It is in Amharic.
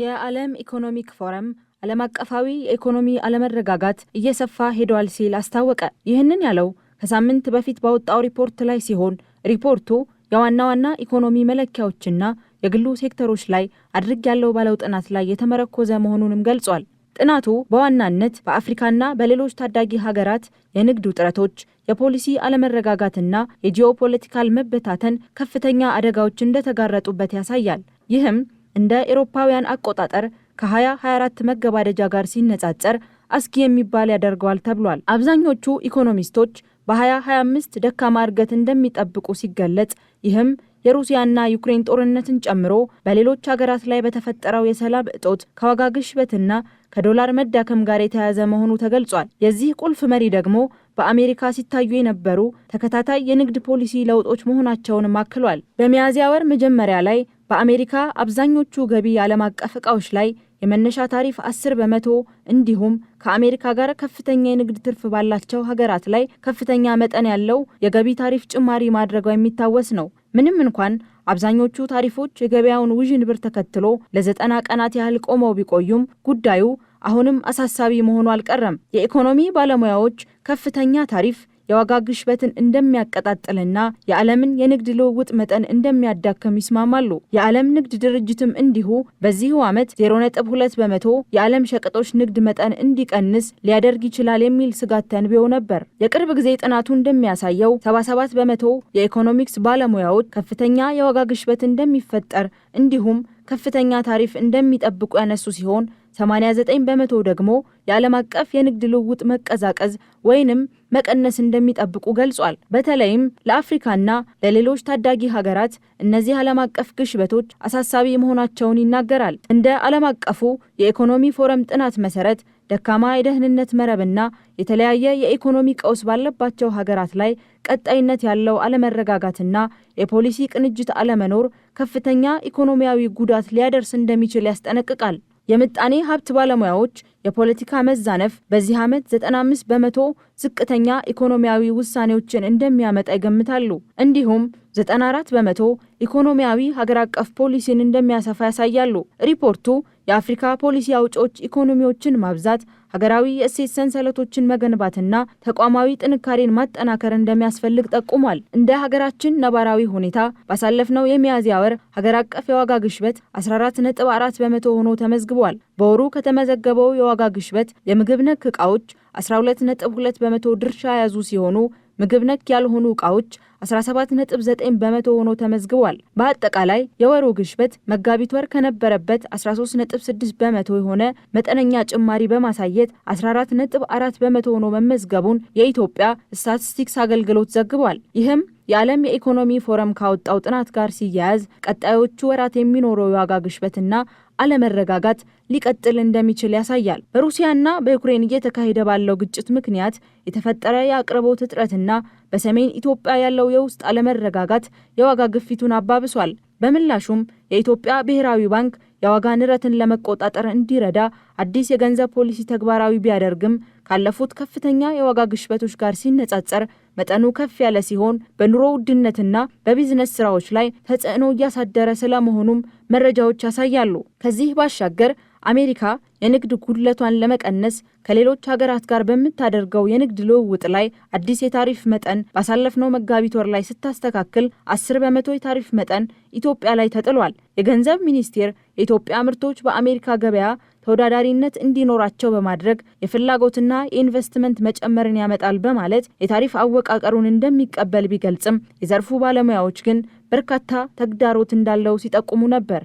የዓለም ኢኮኖሚክ ፎረም ዓለም አቀፋዊ የኢኮኖሚ አለመረጋጋት እየሰፋ ሄደዋል ሲል አስታወቀ። ይህንን ያለው ከሳምንት በፊት ባወጣው ሪፖርት ላይ ሲሆን ሪፖርቱ የዋና ዋና ኢኮኖሚ መለኪያዎችና የግሉ ሴክተሮች ላይ አድርግ ያለው ባለው ጥናት ላይ የተመረኮዘ መሆኑንም ገልጿል። ጥናቱ በዋናነት በአፍሪካና በሌሎች ታዳጊ ሀገራት የንግድ ውጥረቶች፣ የፖሊሲ አለመረጋጋትና የጂኦፖለቲካል መበታተን ከፍተኛ አደጋዎች እንደተጋረጡበት ያሳያል። ይህም እንደ ኤሮፓውያን አቆጣጠር ከ2024 መገባደጃ ጋር ሲነጻጸር አስጊ የሚባል ያደርገዋል ተብሏል። አብዛኞቹ ኢኮኖሚስቶች በ2025 ደካማ እድገት እንደሚጠብቁ ሲገለጽ ይህም የሩሲያና ዩክሬን ጦርነትን ጨምሮ በሌሎች ሀገራት ላይ በተፈጠረው የሰላም እጦት ከዋጋ ግሽበትና ከዶላር መዳከም ጋር የተያያዘ መሆኑ ተገልጿል። የዚህ ቁልፍ መሪ ደግሞ በአሜሪካ ሲታዩ የነበሩ ተከታታይ የንግድ ፖሊሲ ለውጦች መሆናቸውንም አክሏል። በሚያዝያ ወር መጀመሪያ ላይ በአሜሪካ አብዛኞቹ ገቢ የዓለም አቀፍ እቃዎች ላይ የመነሻ ታሪፍ 10 በመቶ እንዲሁም ከአሜሪካ ጋር ከፍተኛ የንግድ ትርፍ ባላቸው ሀገራት ላይ ከፍተኛ መጠን ያለው የገቢ ታሪፍ ጭማሪ ማድረጓ የሚታወስ ነው። ምንም እንኳን አብዛኞቹ ታሪፎች የገበያውን ውዥንብር ተከትሎ ለዘጠና ቀናት ያህል ቆመው ቢቆዩም ጉዳዩ አሁንም አሳሳቢ መሆኑ አልቀረም። የኢኮኖሚ ባለሙያዎች ከፍተኛ ታሪፍ የዋጋ ግሽበትን እንደሚያቀጣጥልና የዓለምን የንግድ ልውውጥ መጠን እንደሚያዳክም ይስማማሉ። የዓለም ንግድ ድርጅትም እንዲሁ በዚሁ ዓመት 0.2 በመቶ የዓለም ሸቀጦች ንግድ መጠን እንዲቀንስ ሊያደርግ ይችላል የሚል ስጋት ተንብዮ ነበር። የቅርብ ጊዜ ጥናቱ እንደሚያሳየው 77 በመቶ የኢኮኖሚክስ ባለሙያዎች ከፍተኛ የዋጋ ግሽበት እንደሚፈጠር እንዲሁም ከፍተኛ ታሪፍ እንደሚጠብቁ ያነሱ ሲሆን 89 በመቶ ደግሞ የዓለም አቀፍ የንግድ ልውውጥ መቀዛቀዝ ወይንም መቀነስ እንደሚጠብቁ ገልጿል። በተለይም ለአፍሪካና ለሌሎች ታዳጊ ሀገራት እነዚህ ዓለም አቀፍ ግሽበቶች አሳሳቢ መሆናቸውን ይናገራል። እንደ ዓለም አቀፉ የኢኮኖሚ ፎረም ጥናት መሰረት ደካማ የደህንነት መረብና የተለያየ የኢኮኖሚ ቀውስ ባለባቸው ሀገራት ላይ ቀጣይነት ያለው አለመረጋጋትና የፖሊሲ ቅንጅት አለመኖር ከፍተኛ ኢኮኖሚያዊ ጉዳት ሊያደርስ እንደሚችል ያስጠነቅቃል። የምጣኔ ሀብት ባለሙያዎች የፖለቲካ መዛነፍ በዚህ ዓመት 95 በመቶ ዝቅተኛ ኢኮኖሚያዊ ውሳኔዎችን እንደሚያመጣ ይገምታሉ። እንዲሁም 94 በመቶ ኢኮኖሚያዊ ሀገር አቀፍ ፖሊሲን እንደሚያሰፋ ያሳያሉ። ሪፖርቱ የአፍሪካ ፖሊሲ አውጪዎች ኢኮኖሚዎችን ማብዛት፣ ሀገራዊ የእሴት ሰንሰለቶችን መገንባትና ተቋማዊ ጥንካሬን ማጠናከር እንደሚያስፈልግ ጠቁሟል። እንደ ሀገራችን ነባራዊ ሁኔታ ባሳለፍነው የሚያዝያ ወር ሀገር አቀፍ የዋጋ ግሽበት 14.4 በመቶ ሆኖ ተመዝግቧል። በወሩ ከተመዘገበው የዋ የዋጋ ግሽበት የምግብ ነክ ዕቃዎች 12.2 በመቶ ድርሻ የያዙ ሲሆኑ ምግብ ነክ ያልሆኑ ዕቃዎች 17.9 በመቶ ሆኖ ተመዝግቧል። በአጠቃላይ የወሩ ግሽበት መጋቢት ወር ከነበረበት 13.6 በመቶ የሆነ መጠነኛ ጭማሪ በማሳየት 14.4 በመቶ ሆኖ መመዝገቡን የኢትዮጵያ ስታቲስቲክስ አገልግሎት ዘግቧል። ይህም የዓለም የኢኮኖሚ ፎረም ካወጣው ጥናት ጋር ሲያያዝ ቀጣዮቹ ወራት የሚኖረው የዋጋ ግሽበትና አለመረጋጋት ሊቀጥል እንደሚችል ያሳያል። በሩሲያና በዩክሬን እየተካሄደ ባለው ግጭት ምክንያት የተፈጠረ የአቅርቦት እጥረትና በሰሜን ኢትዮጵያ ያለው የውስጥ አለመረጋጋት የዋጋ ግፊቱን አባብሷል። በምላሹም የኢትዮጵያ ብሔራዊ ባንክ የዋጋ ንረትን ለመቆጣጠር እንዲረዳ አዲስ የገንዘብ ፖሊሲ ተግባራዊ ቢያደርግም ካለፉት ከፍተኛ የዋጋ ግሽበቶች ጋር ሲነጻጸር መጠኑ ከፍ ያለ ሲሆን በኑሮ ውድነትና በቢዝነስ ስራዎች ላይ ተጽዕኖ እያሳደረ ስለመሆኑም መረጃዎች ያሳያሉ። ከዚህ ባሻገር አሜሪካ የንግድ ጉድለቷን ለመቀነስ ከሌሎች ሀገራት ጋር በምታደርገው የንግድ ልውውጥ ላይ አዲስ የታሪፍ መጠን ባሳለፍነው መጋቢት ወር ላይ ስታስተካክል አስር በመቶ የታሪፍ መጠን ኢትዮጵያ ላይ ተጥሏል። የገንዘብ ሚኒስቴር የኢትዮጵያ ምርቶች በአሜሪካ ገበያ ተወዳዳሪነት እንዲኖራቸው በማድረግ የፍላጎትና የኢንቨስትመንት መጨመርን ያመጣል በማለት የታሪፍ አወቃቀሩን እንደሚቀበል ቢገልጽም የዘርፉ ባለሙያዎች ግን በርካታ ተግዳሮት እንዳለው ሲጠቁሙ ነበር።